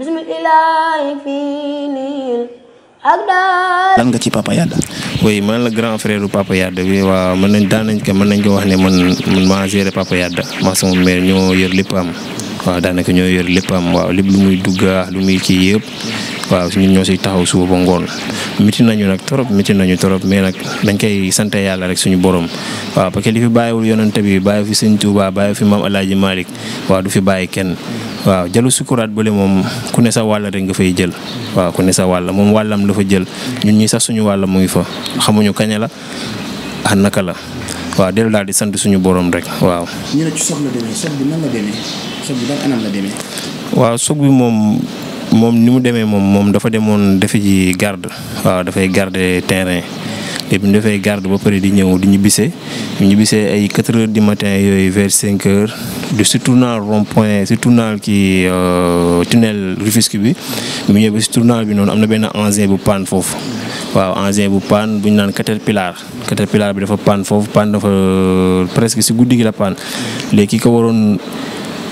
lan nga ci Papa Yada. oui man la grand frère Papa Yada bi waaw mën nañ daan nañ ko mën nañ ko wax ne man man maa géré Papa Yada maa sama mère ñoo yor lépp am. waaw daanaka ñoo yor léppam waaw lépp lu muy duggaa lu muy ci yëpp waaw ñun ñoo si taxaw suba ba ngoon miti nañu nag trop miti nañu trop mais nag dañ koy sant yàlla rek suñu borom waaw parce que li fi bàyyiwul yonante bi bàyyi fi sëñ Touba bàyyi fi maam Alaaji Malick waaw du fi bàyyi kenn waaw jalu sukuraat bële moom ku ne sa wàll rek nga fay jël waaw ku ne sa wàlla moom wàllam la fa jël ñun ñi sax suñu wàll muy fa xamuñu kañ la ak naka la waaw dellu daal di sant suñu borom rek waaw. ñu bi waaw sox bi moom moom ni mu demee moom moom dafa demoon defi ji garde waaw dafay garder terrain. te bi ñu defee garde ba pare di ñëw di ñu bisee ñibbisee ay quatre heures du matin yooyu vers cinq heures du si tournal rond point si tournal kii euh, tunnel Rufisque bi bi mu ñëwee ba si tournal bi noonu am na benn engin bu panne foofu. waaw engin bu paan bu ñu naan caterpillar caterpillar bi dafa paan foofu paan dafa euh, presque si guddi gi la paan léegi ki ko waroon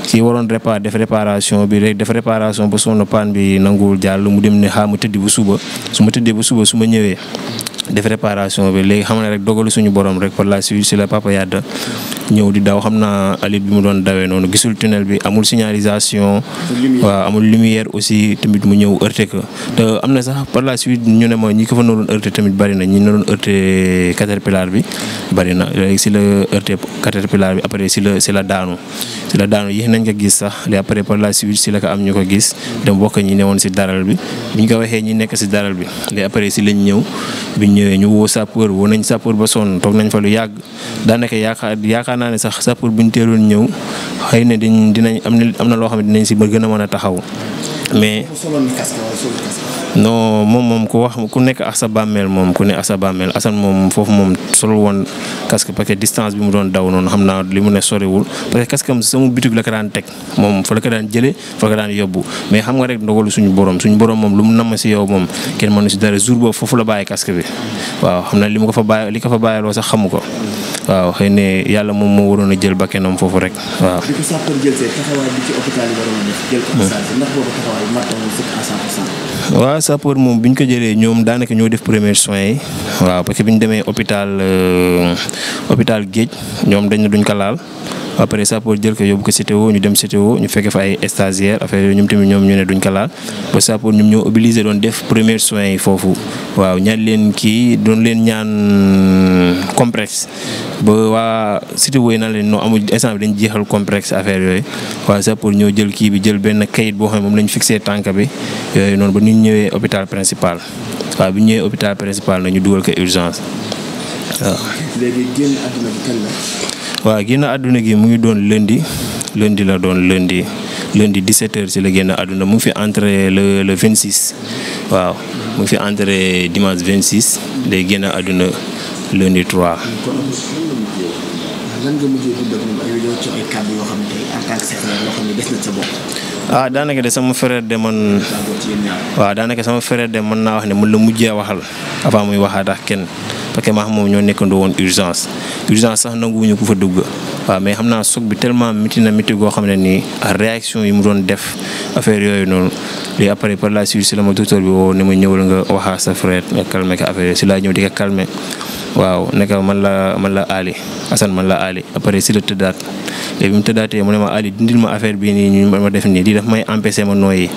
ki waroon répa def réparation bi rek def réparation ba sonn paan bi nanguwul jàll mu dem ne xaa ah, ma tëddi bu suba su ma tëddee bu suba su ma ñëwee de réparation bi léegi xam ne rek dogalu suñu borom rek par la suite si la Papa Yade ñëw di daw xam naa alit bi mu doon dawee noonu gisul tunnel bi amul signalisation. waaw amul lumière aussi tamit mu ñëw heurté ko. te na sax par la ñu ne ma ñi ko fa doon heurté tamit bari na ñi doon heurté caterpillar bi bari na si la heurté caterpillar bi après si la si la daanu. si la daanu yéex nañ ko gis sax léegi après par la suite si la ko am ñu ko gis dem bokk ñi ne woon si daral bi biñ ko waxee ñi nekk si daral bi léegi après si lañ ñëw. ñëwee ñu woo sapeur woo nañ sapeur ba son toog nañ fa lu yàgg daanaka yaakaar yaakaar naa ne sax sapeur buñ teeloon ñëw xëy na dañ dinañ am na am na loo xam dinañ si gën a mën a taxaw mais non moom moom ku wax ku nekk ak sa bàmmeel moom ku ne ak sa bàmmeel Assane moom foofu moom solo woon casque parce que distance bi mu doon daw noonu xam naa li mu ne soriwul parce que casque am sama bitig la ko daan teg moom ko daan jëlee fa la ko daan xam nga rek ndogalu suñu borom suñu borom moom lu mu namm si yow moom kenn mënu si dara jour foofu la bàyyi casque bi waaw xam na li mu ko fa bàyyi li ko fa bàyyiloo sax xamu ko waaw xëy na yàlla moom moo waroon a jël bakkanam foofu rek waaw. taxawaay mat na waaw sapeur moom bi ñu ko jëlee ñoom daanaka ñoo def première soins yi waaw parce que bi ñu demee hôpital euh, hôpital Géej ñoom dañ duñ ko laal. après ça pour jël ko yóbbu ko CTO ñu dem CTO ñu fekke fa ay stagiaire affaire yooyu ñoom tamit ñoom ñu ne duñ ko laal ba ça pour ñoom ñoo obligé doon def premiers soins yi foofu waaw ñaan leen kii doon leen ñaan complexe ba waa CTO yi naan leen noo amul instant bi dañ jeexal complexe affaire yooyu waaw ça ñoo jël kii bi jël benn kayit boo xam ne moom lañu fixé tànk bi yooyu noonu ba ñu ñëwee hôpital principal waaw bi ñëwee hôpital principal na ñu dugal ko urgence waaw. waaw génn àdduna gi mu ngi doon lundi lundi la doon lundi lundi 17h ci la génn àdduna mu fi entré le vingt 26 waaw mu fi entré dimanche 26 day génn àdduna lundi 3. lan nga mujjee dund ah, de sama frère de man. waaw daanaka sama frère de mën naa wax ne mën la mujjee waxal avant muy waxaat kenn. parce que maa xam moom ñoo nekkandoo woon urgence urgence sax nanguwuñu ko fa dugg waaw mais xam naa soog bi tellement miti na miti goo xam ne nii réaction yi mu doon def affaire yooyu noonu léegi après la suite si la ma docteur ma ñëwal nga waxaa nga calmé ko affaire si laa ñëw di ko calmé waaw ne ko man la man la Ali Assane man la Ali après si la tëddaat léegi mu tëddaatee mu ne ma Ali dindil ma affaire bii nii ñu ma def nii di def may empêché ma nooyi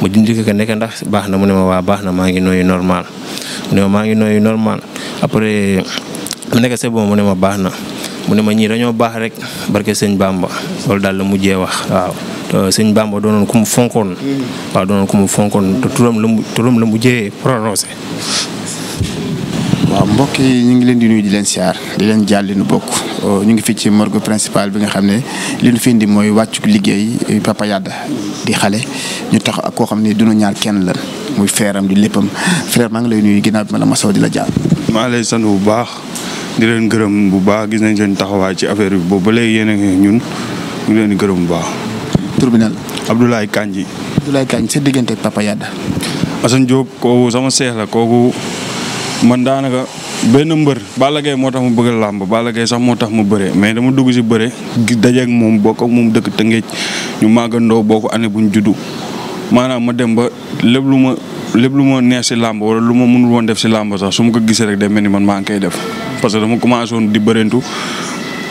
ma dindil ko que nekk ndax baax na mu ne ma waa baax na maa ngi nooyi normal. ne maa ngi nooyu normal après mu nekk c'est bon mu ne ma baax na mu ne ma ñii dañoo baax rek barke sëñ Bamba loolu daal la mujjee wax waaw sëñ Bamba doon ku mu fonkoon mm-hmm. waaw doonoon ku mu fonkoon te turam la mu turam la mujjee prononcé waaw mbokk yi ñu ngi leen di nuy di leen siyaar di leen jàll li nu bokk euh, ñu ngi fii ci morgue principal bi nga xam ne li nu fi indi mooy wàcc liggéey euh, Papa Yada di xale ñu tax koo xam ne dunu ñaar kenn la muy feeram di léppam frère maa lay nuyu ginnaaw bi ma la masoo di la jàll. maa lay sant bu baax di leen gërëm bu baax gis nañ seen taxawaay ci affaire bi boobu ba yéen a ngi ñun ñu leen di gërëm bu baax. tur bi naan Abdoulaye Kandji. Abdoulaye Kandji diggante Papa kooku sama seex kooku. man daanaka benn mbër Balla Gaye moo tax mu bëgg làmb Balla Gaye sax moo tax mu bëre mais dama dugg si bëre dajeeg moom bokk ko moom dëkk Tëngéej ñu màggandoo boo ko année bu ñu juddu maanaam ma dem ba lépp lu ma lépp lu ma neex si làmb wala lu ma mënul woon def si làmb sax su ma ko gisee rek day mel ni man maa ngi koy def parce que dama commencé woon di bërentu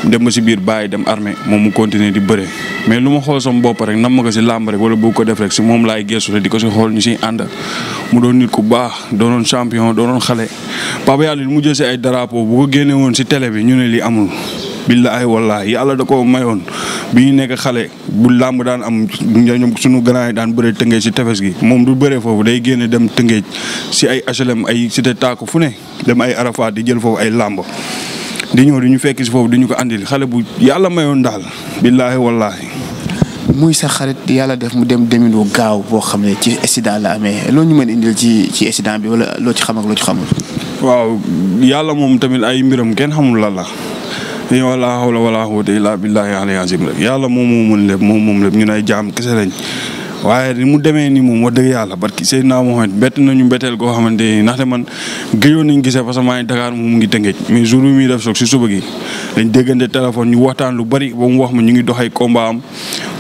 dem ba si biir bàyyi dem armée moom mu continuer di bëre mais lu ma xool soon bopp rek nam ma si làmb rek wala bu ko def rek si moom laay geesu te di ko si xool ñu siy ànd mu doon nit ku baax doonoon champion doonoon xale Papa Yade mu jël si ay drapeau bu ko si télé bi ñu ne lii amul billaahi wallaahi yàlla da ko mayoon bi ñu nekk xale bu làmb daan am ñoom suñu yi daan bëree tëngéej si tefes gi moom du bëree foofu day génne dem tëngéej si ay HLM ay cité taaku fu ne dem ay Arafat di jël foofu ay làmb di ñëw di ñu fekk si foofu di ñu ko andil xale bu yàlla mayoon daal. billaahi wallaahi. muy sax xarit yàlla def mu dem demin wu gaaw boo xam ne ci accident la amee loo ñu mën indil ci ci accident bi wala loo ci xam ak loo ci xamul. waaw yàlla moom tamit ay mbiram kenn xamul lan la. lii wala hawla wala quwwata illaa billaahi al-azim yàlla moom moo mën moom moom lépp ñu nay jaam kese lañ. waaye de mu demee ni moom wax dëgg yàlla barki Seydina Mohamed bett nañu mbetteel goo xamante ni ndaxte man gëjoon nañu gisee parce que maa ngi Dakar mu ngi tëngeej mais jour bi muy def soog si suba gi dañ déggante téléphone ñu waxtaan lu bari ba mu wax ma ñu ngi dox ay combat am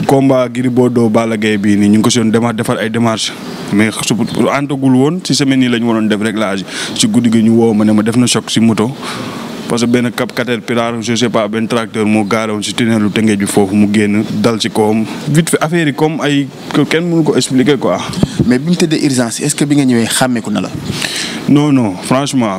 combat Gris Bordeaux Balla Gaye bii nii ñu ngi ko si doon defar ay démarches mais su antagul woon si semaine yi la ñu waroon def réglage si guddi gi ñu woo ma ne ma def na choc si moto. parce que benn cap caterpillar je sais pas benn tracteur moo gaare woon si tunnelu Tëngéej bi foofu mu génn dal ci kawam vite fait affaire yi ay kenn mënu ko expliquer quoi. mais bi mu tëddee urgence est-ce que bi nga ñëwee xàmmeeku na la. non non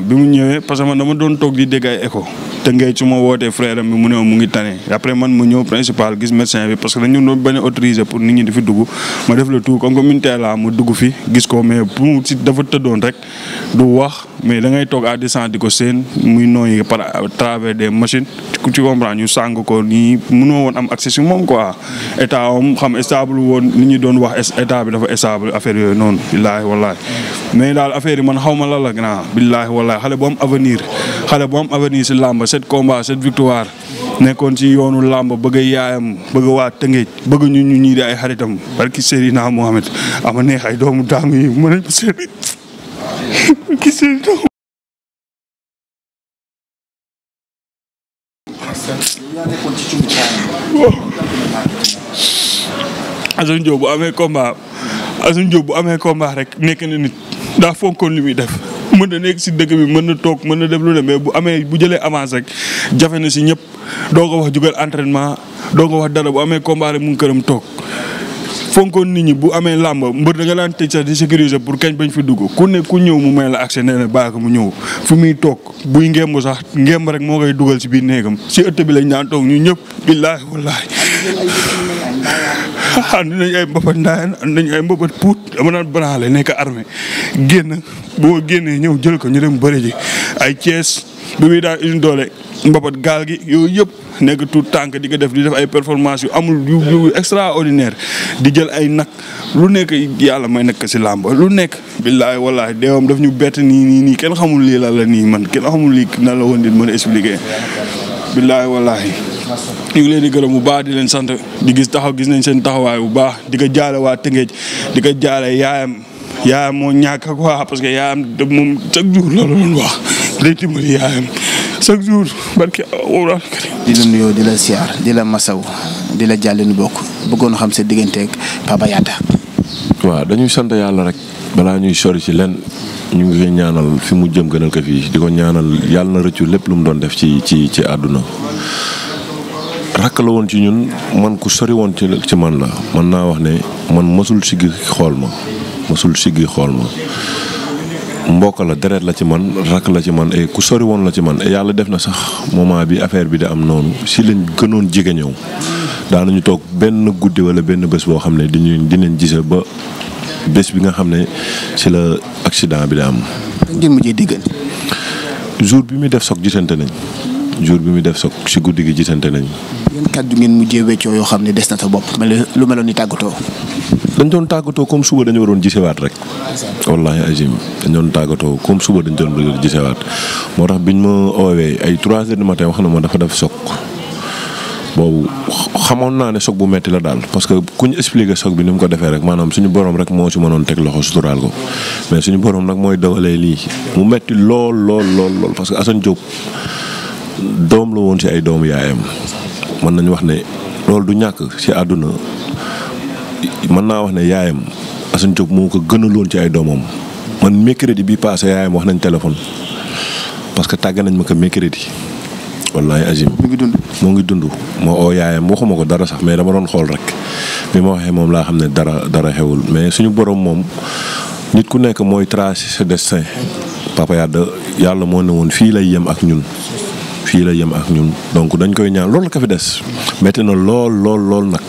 bi mu ñëwee parce que man dama doon toog di dégg ay écho te ngay su ma wootee frère am mu ne mu ngi tane après man mu ñëw principal gis médecin bi parce que dañu doon bañ a autorisé pour nit ñi di fi dugg ma def le tout comme que militaire la ma dugg fi gis ko mais bu si dafa tëddoon du wax. mais da ngay toog à distance di ko seen muy nooyi par travers de machine ku ci comprendre ñu sàng ko nii mënoo woon am accès si moom quoi état am xam stable woon ni ñu doon wax état bi dafa stable affaire yooyu noonu billaahi wallaahi mais daal affaire yi man xaw ma la la gannaaw billaahi wallaahi xale boom avenir xale bu am avenir si làmb cette combat cette victoire nekkoon ci yoonu làmb bëgg yaayam bëgg waa Tëngéej bëgg ñu ñu ñii di xaritam barki Seydina Mohamed ama neex ay doomu gisee taxu bu amee combat Assane Diop bu amee combat rek nekk na nit daa fonkoon li muy def mën na nekk si dëgg bi mën na toog mën na def lu ne mais bu amee bu jëlee avance rek jafe na si ñëpp doo ko wax jugal entraînement doo ko wax dara bu amee combat rek mu ngi këram toog fonkoon nit ñi bu amee làmb mbër da nga daan tëj sax di sécuriser pour kañ bañ fi dugg ku ne ku ñëw mu may la accès nee na ko mu ñëw fu muy toog buy ngemb sax ngemb rek moo koy dugal si biir néegam si ëtt bi lañ daan toog ñu ñëpp billaahi wallaahi ànd nañ ay mbapat ndaayaan ànd nañ ay mbapat puut dama naan branlé nekk armée génn bu ma génnee ñëw jël ko ñu dem bëri ji ay Thiès bi muy daa une doole mbapat gaal gi yooyu yëpp nekk tout tànk di ko def di def ay performance yu amul yu yu extraordinaire di jël ay nag lu nekk yàlla may nekk si làmb lu nekk billaahi wallaahi deewam def ñu bett nii nii nii kenn xamul lii la la nii man kenn xamul lii na la woon di mën a expliquer billaahi wallaahi ñu ngi leen di gërëm bu baax di leen sant di gis taxaw gis nañ seen taxawaay bu baax di ko jaale waa Tëngéej di ko jaale yaayam yaayam moo ñàkk ak waa parce que yaayam de moom chaque jour loolu doon wax day dimbali yaayam chaque jour barki awra di la nuyoo di la siyaar di la masaw di la nu bokk bëggoon xam seen digganteeg Papa Yada. waaw dañuy sant yàlla rek balaa ñuy sori ci lenn ñu ngi koy ñaanal fi mu jëm gënal ko fii di ko ñaanal yàlla rëccu lépp lu mu doon def ci ci ci àdduna rakk la woon ci ñun man ku sori woon ci ci man la man naa wax ne man mësul siggi xool ma mësul siggi xool ma mbokk la deret la ci man rakk la ci man et eh, ku sori woon la ci man eh, yàlla def na sax moment bi affaire bi da am noonu ci lañ gënoon jege ñëw ñu toog benn guddi wala benn bés boo xam ne diñu dinañ gise ba bés bi nga xam ne ci la accident bi da am. ngeen mujjee diggante. jour bi muy def soog gisante nañ. jour bi muy def sa si guddi gi gisante nañu. yan kàddu ngeen mujjee weccoo yoo xam ne des na sa bopp mel lu meloon ni tàggatoo. dañ doon tàggatoo comme suba dañu waroon gisewaat rek. wallahi azim dañ doon tàggatoo comme suba dañ doon bëgg gisewaat moo tax biñ ma oowee ay 3 heures du matin wax na ma dafa def soog boobu xamoon naa ne soog bu metti la daal parce que ku ñu expliqué soog bi ni mu ko defee rek maanaam suñu borom rek moo si mënoon teg loxo suturaal ko mais suñu borom nag mooy dawalee lii mu metti lool lool lool parce que Assane Diop. doom la woon ci ay doomu yaayam mën nañu wax ne loolu du ñàkk ci àdduna mën naa wax ne yaayam Assane Diop moo ko gënaloon ci ay doomam man mercredi bi passé yaayam wax nañ téléphone parce que tàgg nañ ma ko mercredi wallahi azim mu ngi dund moo ngi dund moo oo yaayam waxuma ko dara sax mais dama doon xool rek bi ma waxee moom laa xam ne dara dara xewul mais suñu boroom moom nit ku nekk mooy tracer sa destin papa yàlla moo ne woon fii lay yem ak ñun fii la yem ak ñun donc dañ koy ñaan loolu ka fi des metti lool lool lool nag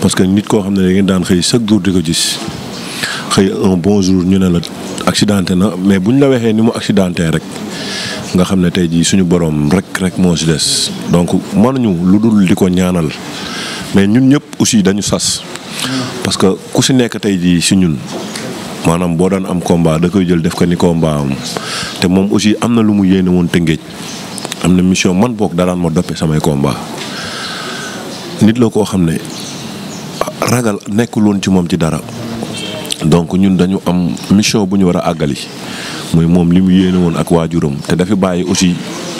parce que nit koo xam ne da ngeen daan xëy chaque jour di ko gis xëy un bon jour ñu ne la accidenté na mais bu ñu la waxee ni mu accidenté rek nga xam ne tey jii suñu borom rek rek moo si des donc mënuñu lu dul di ko ñaanal mais ñun ñëpp aussi dañu sas parce que ku si nekk tey jii si ñun maanaam boo daan am combat da koy jël def ko ni combat te moom aussi am na lu mu yéene woon tëngéej am na mission man boog daraan ma doppe samay combat nit la koo xam ne ragal nekkul woon ci moom ci dara donc ñun dañu am mission bu ñu war a àggali mooy moom li mu yéene woon ak waajuram te dafi bàyyi aussi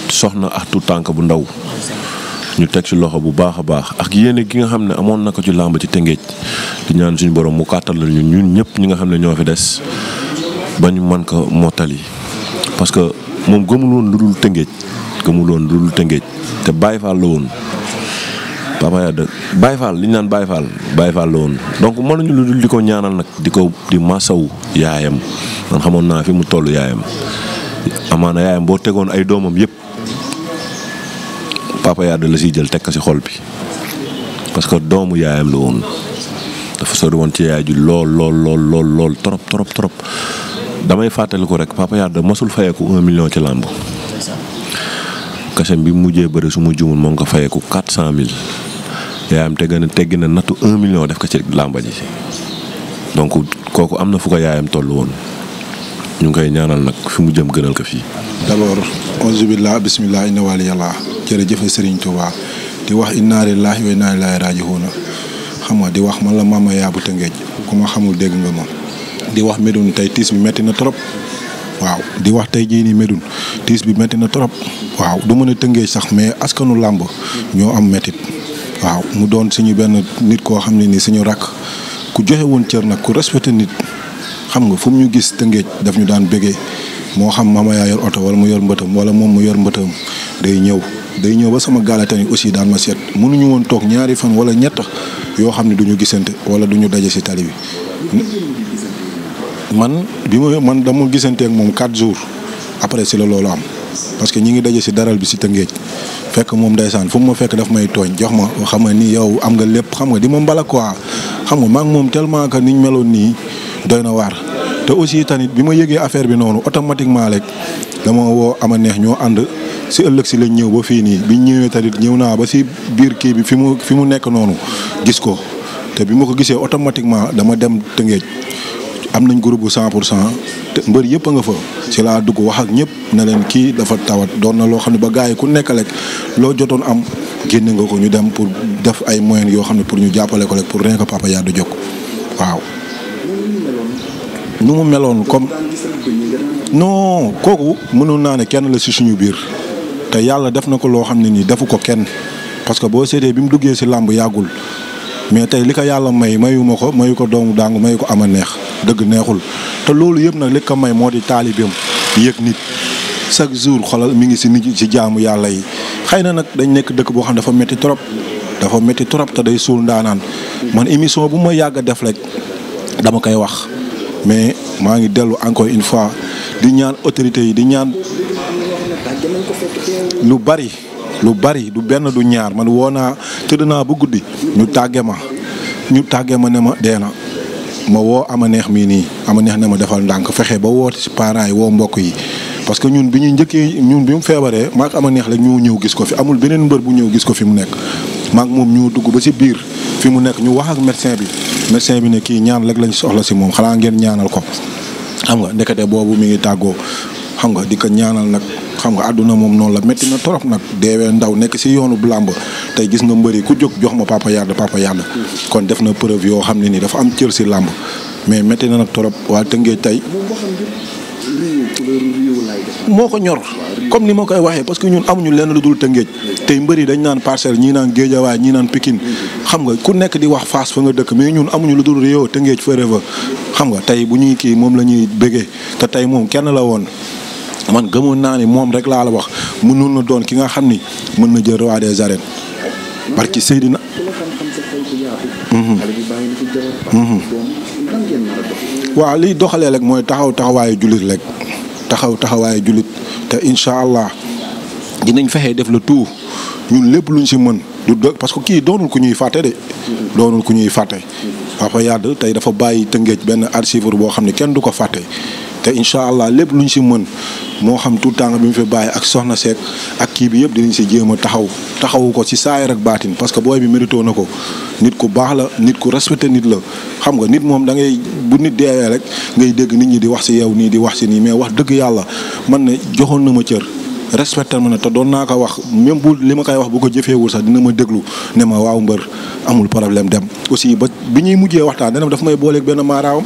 soxna ak tànk bu ndaw ñu teg ci loxo bu baax a baax ak yéene gi nga xam ne amoon na ko ci làmb ci tëngéej di ñaan suñu borom mu kàttal la ñun ñun ñëpp ñi nga xam ne ñoo fi des ba ñu mën ko mottali parce que moom gëmul lu dul tëngéej gëmul woon lu dul tëngéej te Baye Fall la woon papa yaa dëgg Baye Fall li ñu naan Baye Fall Baye Fall la woon donc mënuñu lu dul di ko ñaanal nag di ko di masawu yaayam man naa fi mu toll yaayam amaana yaayam boo tegoon ay doomam yëpp papa yaa la siy jël teg ko si xol bi parce que doomu yaayam la woon woon ci yaay ju lool lool lool lool trop trop trop damay ko rek papa yaa masul fayeeku un million ci làmb kasam bi mu mujjee bari su ma juumul moo nga fayeeku quatre cent mille yaayam tegg na teggi na nattu un million def ko ci làmba ji donc kooku am na fu ko yaayam toll woon ñu ngi koy ñaanal nag fi mu jëm gënal ko fii. d'abord auzu billah bismillah inna wali yàlla jërëjëf Serigne Touba di wax inna lillahi wa inna ilayhi raji'un xam nga di wax man la maama yaabu tëngeej ku ma xamul dégg nga moom di wax Médoune tey tiis bi metti na trop waaw di wax tey jii nii Médoune tiis bi métti na trop. waaw du mën a tëngee sax mais askanu làmb ñoo am métit waaw mu doon suñu benn nit koo xam ne ni suñu rakk ku joxe woon cër nag ku respecté nit xam nga fu mu ñu gis tëngéej daf ñu daan bégee moo xam mama yaa yor oto wala mu yor mbëtam wala moom mu yor mbëtam day ñëw day ñëw ba sama gaale tamit aussi daan ma seet mënuñu woon toog ñaari fan wala ñett yoo xam ne duñu gisante wala du ñu daje si tali bi man bi ma man dama gisante ak moom quatre jours après si la loolu am parce que ñi ngi daje si daral bi si Tëngéej fekk moom ndeysaan fu ma fekk daf may tooñ jox ma xam nga ni yow am nga lépp xam nga di ma mbala quoi xam nga maa moom tellement que niñ meloon nii doy na waar. te aussi tamit bi ma yëgee affaire bi noonu automatiquement rek dama woo ama neex ñoo ànd si ëllëg si lañ ñëw ba fii nii biñ ñëwee tamit ñëw naa ba si biir kii bi fi mu fi mu nekk noonu gis ko te bi ma ko gisee automatiquement dama dem Tëngéej. am nañ groupe bu 100 pour cent mbër yëpp a nga fa ci laa dugg wax ak ñëpp ne leen kii dafa tawat doon na loo xam ne ba gars yi ku nekk rek loo jotoon am génne nga ko ñu dem pour def ay moyens yoo xam ne pour ñu jàppale ko rek pour rien que papa yaa du jóg waaw. nu meloon comme non kooku mënoon naa ne kenn la si suñu biir te yàlla def na ko loo xam ne nii defu ko kenn parce que boo seetee bi mu duggee si làmb yàggul mais tey li ko yàlla may mayuma ko mayu ko doomu dàngu mayu ko am a neex. dëgg neexul te loolu yëpp nag li ko may moo di taalibeem yëg nit chaque jour xolal mi ngi si nit ci jaamu yàlla yi xëy na nag dañ nekk dëkk boo xam ne dafa métti trop dafa métti trop te day suul ndaanaan man émission bu ma yàgg def rek dama koy wax mais maa ngi dellu encore une fois di ñaan autorités yi di ñaan lu bari lu bari du benn du ñaar man woo naa tëdd naa bu guddi ñu tàgge ma ñu tàggee ma ne ma dee na ma woo ama neex mii nii a neex na ma defal ndànk fexe ba woote ci parents yi woo mbokk yi parce que ñun bi ñuy njëkkee ñun bi mu feebaree maak ama neex la ñu ñëw gis ko fi amul beneen mbër bu ñëw gis ko fi mu nekk maak moom ñoo dugg ba ci biir fi mu nekk ñu wax ak médecin bi médecin bi ne kii ñaan rek lañu soxla ci moom xanaa ngeen ñaanal ko xam nga ndekete boobu mi ngi tàggoo xam nga di ko ñaanal nag xam nga àdduna moom noonu la métti na trop nag deewee ndaw nekk si yoonu làmb tey gis nga mbëri ku jóg jox ma papa yàlla papa yàlla kon def na preuve yoo xam ne nii dafa am cër si làmb mais métti na nag trop waa tëngee tey moo ko ñor comme ni ma koy waxee parce que ñun amuñu lenn lu dul tëngéej tey mbëri dañ naan parcelle ñii naan géejawaay ñii naan pikin xam nga ku nekk di wax faas fa nga dëkk mais ñun amuñu lu dul réew tëngéej forever xam nga tey bu ñuy kii moom la ñuy bëggee te tey moom kenn la woon man gëmoon naa ni moom rek laa la wax mënoon na doon ki nga xam ni mën na jël roi des arènes barki Seydina. Mm-hmm. waaw liy doxalee rek mooy taxaw taxawaayu jullit rek taxaw taxawaayu jullit te incha allah dinañ fexe def le tout ñun lépp luñ si mën du do parce que kii doonul ku ñuy fàtte de. Mm-hmm. doonul ku ñuy fàtte. dafa mm-hmm. yàgg tey dafa bàyyi tëngeej benn archive boo xam ne kenn du ko fàtte. te incha allah lépp lu ñu si mën moo xam tout temps bi mu fi bàyyi ak soxna Seck ak kii bi yëpp dinañ si jéem a taxaw taxawu ko si saayir ak baatin parce que booy bi méritoo na ko nit ku baax la nit ku respecté nit la xam nga nit moom da ngay bu nit deewee rek ngay dégg nit ñi di wax si yow nii di wax si nii mais wax dëgg yàlla man ne joxoon na ma cër respecté ma ne te doon naa ko wax même bu li ma koy wax bu ko jëfeewul sax dina ma déglu ne ma waaw mbër amul problème dem aussi ba bi ñuy mujjee waxtaan dana daf may booleeg benn maaraawam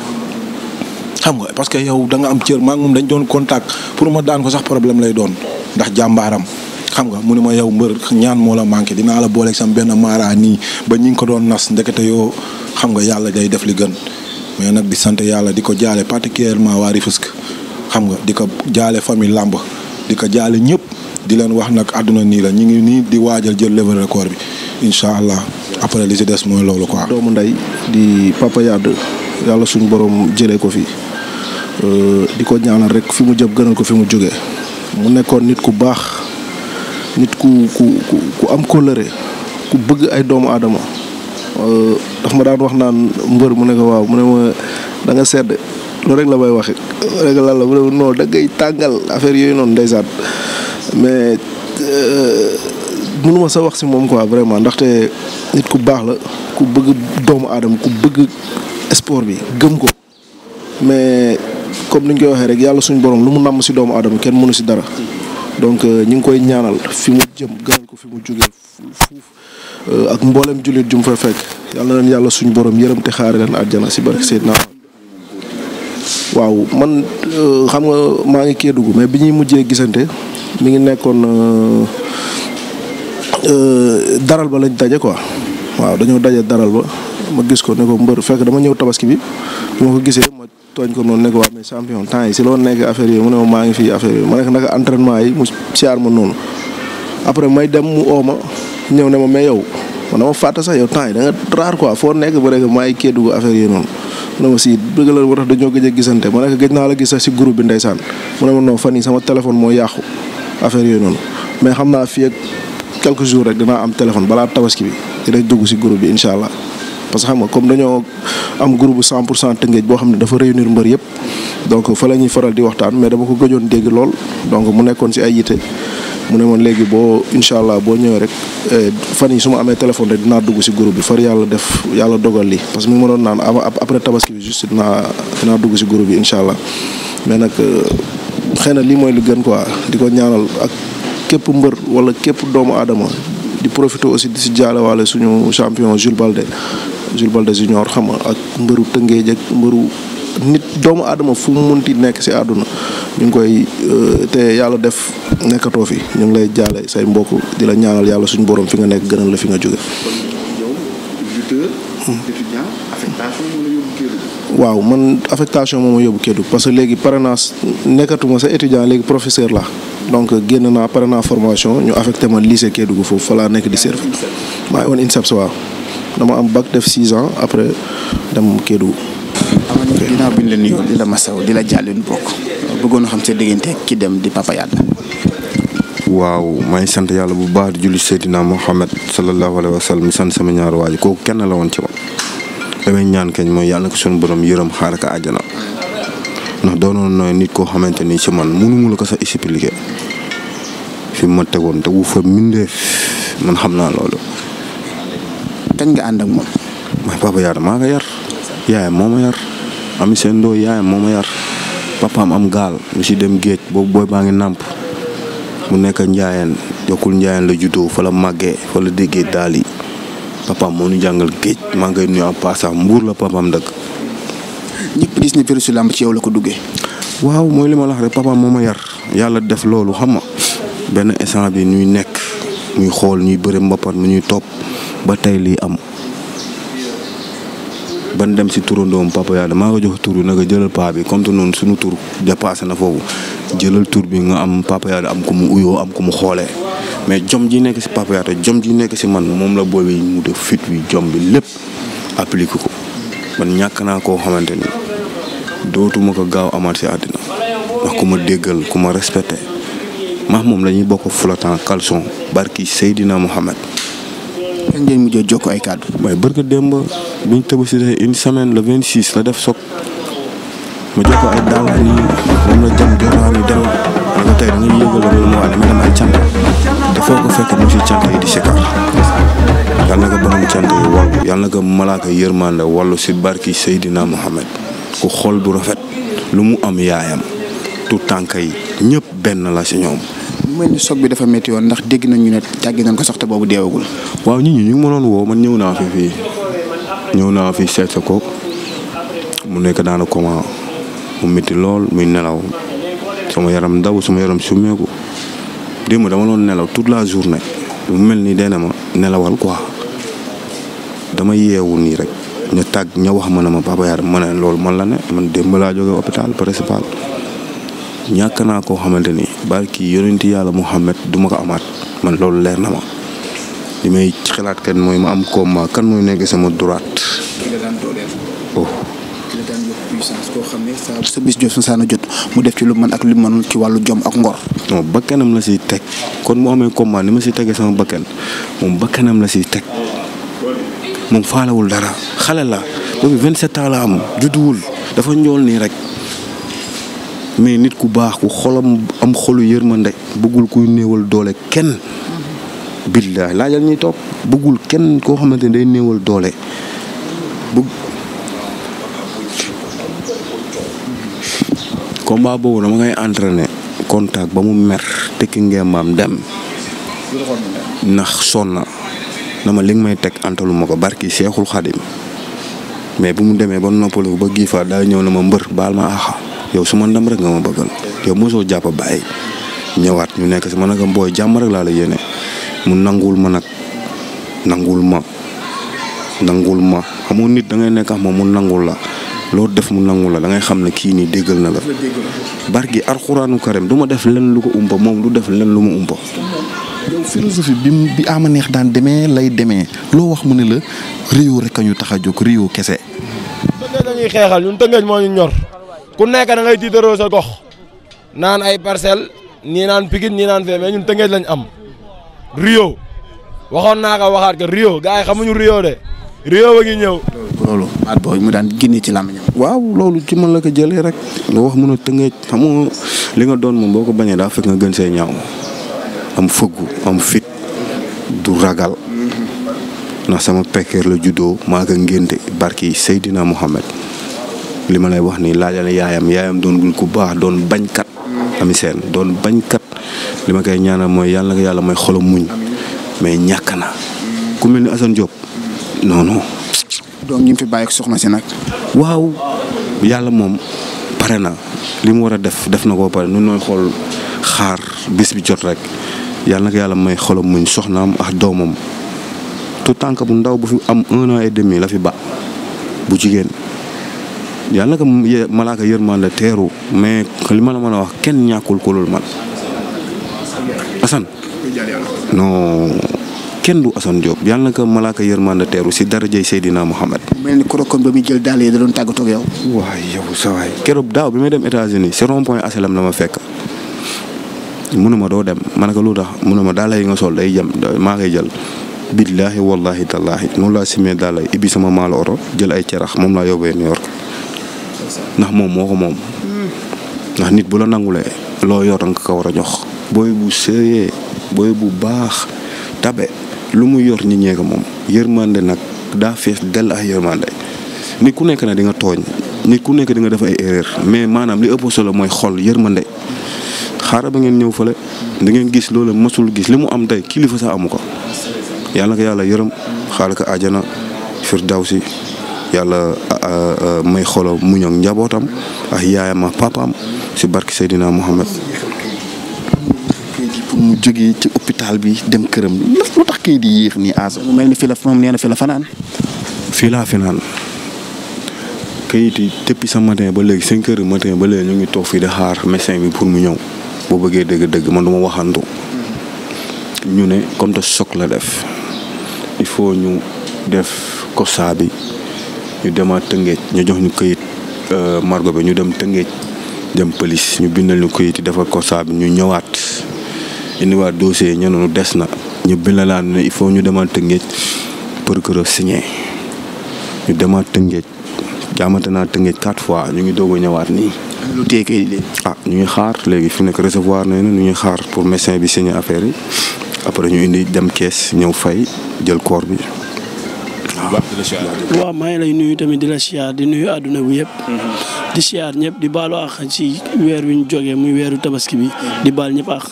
xam nga parce que yow danga am cër maak moom dañ doon contact pour ma daan ko sax problème lay doon ndax jàmbaaram xam nga mu ne ma yow mbër ñaan moo la manqué dinaa la booleeg sam benn maaraa nii ba ñi ngi ko doon nas ndekete yoo xam nga yàlla day def li gën mais nag di sant yàlla di ko jaale particulièrement waa Rufisque xam nga di ko jaale famille làmb di ko jaale ñëpp di leen wax nag àdduna nii la ñu ngi nii di waajal jël level record bi incha allah après li si des mooy loolu quoi. doomu ndey di Papa Yade suñu borom jëlee ko fi. Euh, di ko ñaanal rek fi mu jëm gënal ko fi mu jóge mu nekkoon nit ku baax nit ku ku ku am kóllëre ku bëgg ay doomu aadama euh, daf ma daan wax naan mbër mu ne ko waaw mu ne ma danga sedd loolu rek la may waxe rek lan la mu ne non da ngay tàngal affaire yooyu noonu ndeysaan mais euh, mënu sa wax si moom ko vraiment ndaxte nit ku baax la ku bëgg doomu aadama ku bëgg sport bi gëm ko mais comme ni ñu koy waxee rek yàlla suñu borom lu mu namm si doomu aadama kenn mënu si dara donc euh, ñu ngi koy ñaanal fi mu jëm gënal ko fi mu jógee fuuf euh, ak mbooleem jullit ju mu fa fekk yàlla na leen yàlla suñu borom yërëm te xaare leen àjjana si barke Seydina waaw man euh, xam nga maa ngi dugg mais bi ñuy mujjee gisante mi ngi nekkoon daral ba lañ daje ko waaw dañoo daje daral ba ma gis ko ne ko mbër fekk dama ñëw tabaski bi bi ko gisee tooñ ko noonu nekk waa mais champion temps yi si loo nekk affaire yi mu ne ma maa ngi fii affaire yi ma nekk naka entraînement ma après may dem mu ma ñëw ne ma mais yow man dama sax yow temps yi da foo nekk ba rek maa ngi kéddugu affaire yi noonu mu ma si la war tax dañoo gëj a gisante naa la gis si groupe bi ndeysaan mu ne ma sama téléphone moo yàqu affaire yooyu noonu mais xam naa fii ak quelques jours rek dinaa am téléphone balaa tabaski bi dinañ dugg si groupe bi incha allah parce que xam nga comme dañoo am group bu 100 pour cent Tëngéej boo xam ne dafa réunir mbër yëpp donc fa la ñuy faral di waxtaan mais dama ko gëjoon dégg lool donc mu nekkoon ci ay yite mu ne moon léegi boo incha allah boo ñëwee rek eh, fan yi su ma amee téléphone rek dinaa dugg ci group bi far yàlla def yàlla dogal li parce que mi ma doon naan après tabaski bi juste dinaa dinaa dugg ci groupe bi incha mais nag eh, xëy na lii mooy lu gën quoi di ko ñaanal ak képp mbër wala képp doomu aadama di profité aussi di ci jaalewaale suñu champion Jules Balde Jules Balde Junior xam nga ak mbëru Tëngéej ak mbëru nit doomu aadama fu mu munti nekk si àdduna ñu ngi koy euh, te yàlla def nekkatoo fi ñu ngi lay jaale say mbokk di la ñaanal yàlla suñu borom fi nga nekk gënal la fi nga jóge waaw man affectation moom ma yóbbu kédu parce que léegi parrainage nekkatuma sa étudiant léegi professeur la donc génn naa pare naa formation ñu affecté ma lycée Kédougou foofu falaa nekk di servir maa ngi woon waaw dama am bac def six ans après dem Kédougou. ok ginnaaw bi ñu la nuyoo di la masaw di la jàll ñu bokk bëggoon na xam see diggante ki dem di Papa Yada. waaw maa ngi sant yàlla bu baax di julli Seydina Mohamed sallallahu alayhi wa sallam sant sama ñaar waaj kooku kenn la woon ci woon ñaan kañ mooy yàlla ko suñu borom yërëm xaaral ko àjjana ndax doonoon na nit koo xamante ni ci man mënu ma ko sax expliquer fi ma tegoon te wu fa mbindeef man xam naa loolu. kañ nga ànd ak moom. mooy papa maa nga yar yaayam moo ma yar ami seen yaayam moo ma yar papaam am gaal mu si dem géej boobu booy baa ngi nàmp mu nekk njaayeen jokkul njaayeen la juddoo fa la màggee fa la déggee daal yi papaam moo ñu jàngal géej maa ngay nuyu en passant mbuur la papaam dëkk. ñëpp gis ni virusu làmb ci yow la ko duggee. waaw mooy li ma rek papaam moo ma yar yàlla def loolu xam nga benn instant bi ñuy nekk ñuy xool ñuy bëri mbappat mu ñuy topp ba tey lii am ban dem si turandoom papa yàlla maa ko jox tur bi nag jëlal paa bi comme te noonu suñu tur dépassé na foofu jëlal tur bi nga am papa am ko mu uyoo am ku mu xoolee mais jom ji nekk si papa yàlla jom ji nekk si man moom la booy bi mu def fit bi jom bi lépp appliqué ko man ñàkk naa koo xamante ni dootuma ko gaaw amaat si àddina ndax ku ma déggal ku ma respecté max moom la ñuy bokk flottant caleçon barki Seydina Mohamed. kañ ngeen mujjee jokko ay kàddu. mooy barka démb bi ñu tëbasitee une semaine vingt 26 la def soog ma jokkoo ay daaw ni ni dem nga da nga yëngal la loolu moo wane ma dem ay cant te foo ko fekk mu si cant yi di sikar yal na ko borom cant yi wàllu yal na ko malaaka yërmande wàllu si barki Seydina Mohamed ku xool bu rafet lu mu am yaayam tu tànk yi ñëpp benn la si ñoom. mu mel ni soog bi dafa métti woon ndax dégg nañ ñu ne tàggi nañ ko sax boobu deewagul. waaw nit ñi ñu ngi mënoon woo man ñëw naa fi fii ñëw naa fi seet sa ko mu nekk daanaka comment mu métti lool muy nelaw sama yaram ndaw sama yaram sumeeku démb dama doon nelaw toute la journée mu mel ni dee na ma nelawal quoi dama yeewu nii rek. ñu tàgg ña wax ma ne ma Papa Yade ma ne loolu man la ne man démb laa jógee hôpital principal. ñàkk naa koo xamante ni barki yonenti yàlla Muhammad duma ko amaat man loolu leer na ma li may xalaat kan mooy ma am combat kan mooy nekk sama droite. oh. sa bis jot sa jot mu def ci lu man ak li manul ci wàllu jom ak ngor. ba bakkanam la si teg kon mu amee combat ni ma si tegee sama bakkan moom bakkanam la siy teg moom faalawul dara xale la boobu 27 ans la am judduwul dafa njool nii rek. mais nit ku baax ku xolam am xolu yërmande bëggul kuy néewal doole kenn. billaay laajal ñuy toog bëggul kenn koo xamante ne day néewal doole bëgg. combat boobu dama ngay entraîné contact ba mu mer tekki ngemaam dem. ndax sonn na ma li nga may teg antalu ma ko barki Seexul Xadim mais bu mu demee ba noppalu ba giifa daal ñëw na ma mbër baal ma axa yow su ma ndam rek nga ma bëggal yow mosoo jàpp bàyyi ñawaat ñu nekk si ma nag booy jàmm rek laa la yéene mu nangul ma nag nangul ma nangul ma xamoo nit da ngay nekk ak moom mu nangul la loo def mu nangu la da ngay xam ne kii nii déggal na la barki alxuraanu karim du ma def lenn lu ko umpa moom lu def leen lu ma umpa yow philosophie bi bi ama neex daan demee lay demee loo wax mu ne la réew rek a ñu tax a jóg réew kese. ñun tëngeej moo ñu ñor. ku nekk da ngay tiitaroo sa gox naan ay parcelle ñii naan Pikine ñii naan fee mais ñun Tëngéej lañ am Rio waxoon naa ko waxaat ko Rio gars yi xamuñu Rio de Rio ba ngi ñëw. loolu baat boobu mu daan génne ci làmmiñam. waaw loolu ci man la ko jëlee rek. nga wax mën a Tëngéej xam nga li nga doon moom boo ko bañee daa fekk nga gën see ñaaw am fëggu am fit du ragal. Mhm. ndax sama pekkeer la juddoo maa ko ngénte barki Seydina Mohamed. li ma lay wax nii laajale yaayam yaayam doon ku baax doon bañkat Ami seen doon bañkat li ma koy ñaana mooy yàlla yàlla mooy xolam muñ mais ñàkk na ku mel ni Assane Diop fi bàyyi soxna si nag. waaw yàlla moom pare na li mu war a def def na koo pare nun nooy xool xaar bis bi jot rek yàlla nag yàlla may xolam muñ soxnaam ak doomam tout tànk bu ndaw bu fi am un an et demi la fi ba bu jigéen. yal naka ko malaaka yërmande teeru mais li ma la mën a wax kenn ñàkkul ko loolu man Assane non kenn du Assane Diop yàlla na ko malaaka yërmande teeru si darajay Seydina Mohamed. mel ni korokon ba jël daal yi da doon tàggatoo ak yow. daaw bi may dem États-Unis si rond point asalam la fekk. munuma doo dem ma ne ko lu tax munuma daala yi nga sol day jëm maa ngay jël billaahi wallaahi tallaahi noonu laa simee daala ibbi sama maalo oto jël ay cerax moom laa yóbbee ndax moom moo ko moom. ndax nit bu la nangulee. loo yor nga ko war a jox. booy bu sérieux booy bu baax tabe lu mu yor nit ñee ko moom. yërmande nag daa fees dell ak yërmande nit ku nekk na di nga tooñ. nit ku nekk di nga def ay erreur mais maanaam li ëpp solo mooy xol yërmande xaaral ba ngeen ñëw fële da ngeen gis loolu masul gis li mu am tey kilifa sa amu ko yàlla na ko yàlla yërëm xaaral ko àjjana firdawsi yàlla may xolo mu ak njabootam ak yaayam ak papaam si bark Seydina Mohamed. pour mu jógee ci hôpital bi dem këram lu tax kayit yi nii aas. mu mel ni fi la moom la fanaan. fii laa fanaan yi depuis sa matin ba léegi cinq heures matin ba léegi ñu ngi toog fii di xaar médecin bi pour mu ñëw. boo bëggee dëgg-dëgg man du ma waxantu. ñu ne comme te choc la def il faut ñu def constat bi. ñu demaat tëngeej ñu jox ñu këyit euh, margo bi ñu dem tëngéej dem pëlis ñu bindal ñu këyit yi defal constat bi ñu ñëwaat indiwaat dossier yi ñu des na ñu bindalaat ne il faut ñu demaat tëngeej procureur signé ñu demaat tëngeej jaamante naa tëngeej quatre fois ñu ngi doog a ñëwaat nii. lu téye ah, ñu ngi xaar léegi fi nekk recevoir nañu ñu ngi xaar pour médecin bi signé affaire yi après ñu indi dem kees ñëw fay jël koor bi. bu baax di la siyaar. waaw maa ngi lay nuyu tamit di la siyaar di nuyu àdduna bu yëpp. Mhm. di siyaar ñëpp di baalu àq ci weer wi ñu jógee muy weeru tabaski bi. Mhm. di baal ñëpp àq.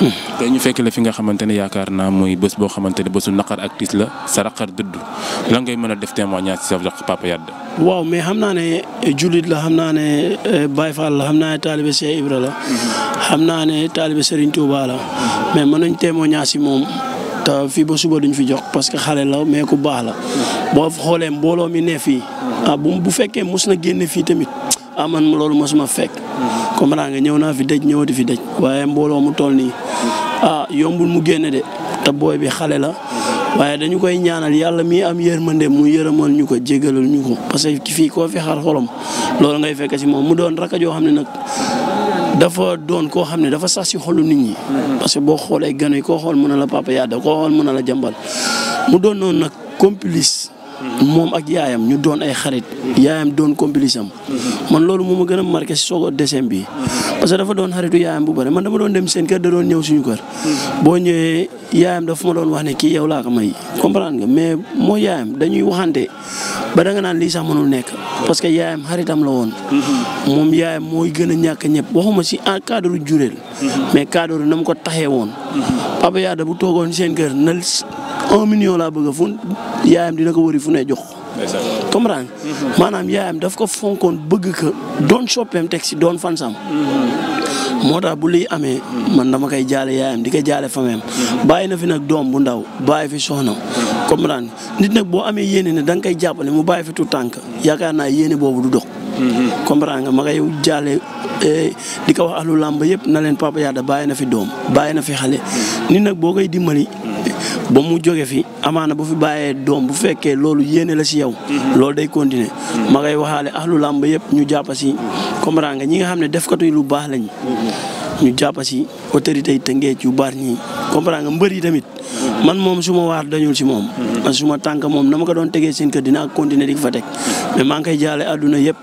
Mhm. tey ñu fekk la fi nga xamante ne yaakaar naa muy bés boo xamante ne bésu naqar ak tiis la sa raqar dëdd lan ngay mën a def témoignage ci sa papa Yade. waaw mais xam naa ne eh, jullit la xam naa ne eh, Baye Fall la xam naa ne taalibe Cheikh Ibra la. xam naa ne taalibe Serigne Touba la. mais mën nañ témoignage ci moom. te fii ba suba duñ fi jox parce que xale la mais ku baax la boo xoolee mbooloo mi ne fii ah bu fekkee mos na génne fii tamit ah man loolu mosuma fekk. comprendre nga ñëw naa fi dëj ñëwati fi dëj waaye mbooloo mu toll nii ah yombul mu génne de te booy bi xale la. waaye dañu koy ñaanal yàlla mi am yërmande mu yërëmal ñu ko jégalal ñu ko parce que fii koo fi xar xolom loolu ngay fekk si moom mu doon raka joo xam ne nag dafa doon koo xam ne dafa sax si xolu nit ñi. parce que boo xoolee gan yi koo xool mën na la Papa Yada koo xool mën na la jàmbal mu doon noon nag complice. moom ak yaayam ñu doon ay xarit. yaayam doon complice am. man loolu moom ma gën a marqué si soogo dessin bi. parce que dafa doon xaritu yaayam bu bëri man dama doon dem seen kër da doon ñëw suñu kër. boo ñëwee yaayam dafa ma doon wax ne kii yow laa ko may comprendre mais moo yaayam dañuy waxante. ba da nga naan lii sax mënul nekk parce que yaayam xaritam la woon mm-hmm. moom yaayam mooy gën a ñàkk ñëpp waxuma si en cadre jureel mm-hmm. mais cadre nam ko taxee woon mm-hmm. papa yaada bu toogoon seen kër na un million laa bëgg a fun yaayam dina ko wëri fu ne jox comprendre maanaam yaayam daf ko fonkoon bëgg ko doon soppeem teg si doon fansam moo tax bu lii amee man dama koy jaale yaayam di ko jaale fameem bàyyi na fi nag doom bu ndaw bàyyi fi soxna comprendre nit nag boo amee yeneen ne koy jàppale mu bàyyi fi tout tànk yaakaar naa yéene boobu du dox. Mm-hmm. comprendre nga ma ngay jaale eh, di ko wax allu làmb yëpp na leen Papa Yada bàyyi na fi doom bàyyi na fi xale mm-hmm. nit nag boo koy dimbali. Mm-hmm. ba mu jóge fi amaana bu fi bàyyee doom bu fekkee loolu yéene la si yow. loolu day continuer. ma ngay waxaale ahlu làmb yëpp ñu jàpp si. comprendre ñi nga xam ne def defkatu lu baax lañ. ñu jàpp si autorité yi tëngee yu baax ñii comprendre nga mbër yi tamit. man moom su ma waar dañul si moom. parce que su ma moom na ma ko doon tegee seen kër dinaa continuer di fa teg mais maa ngi koy jaale àdduna yëpp.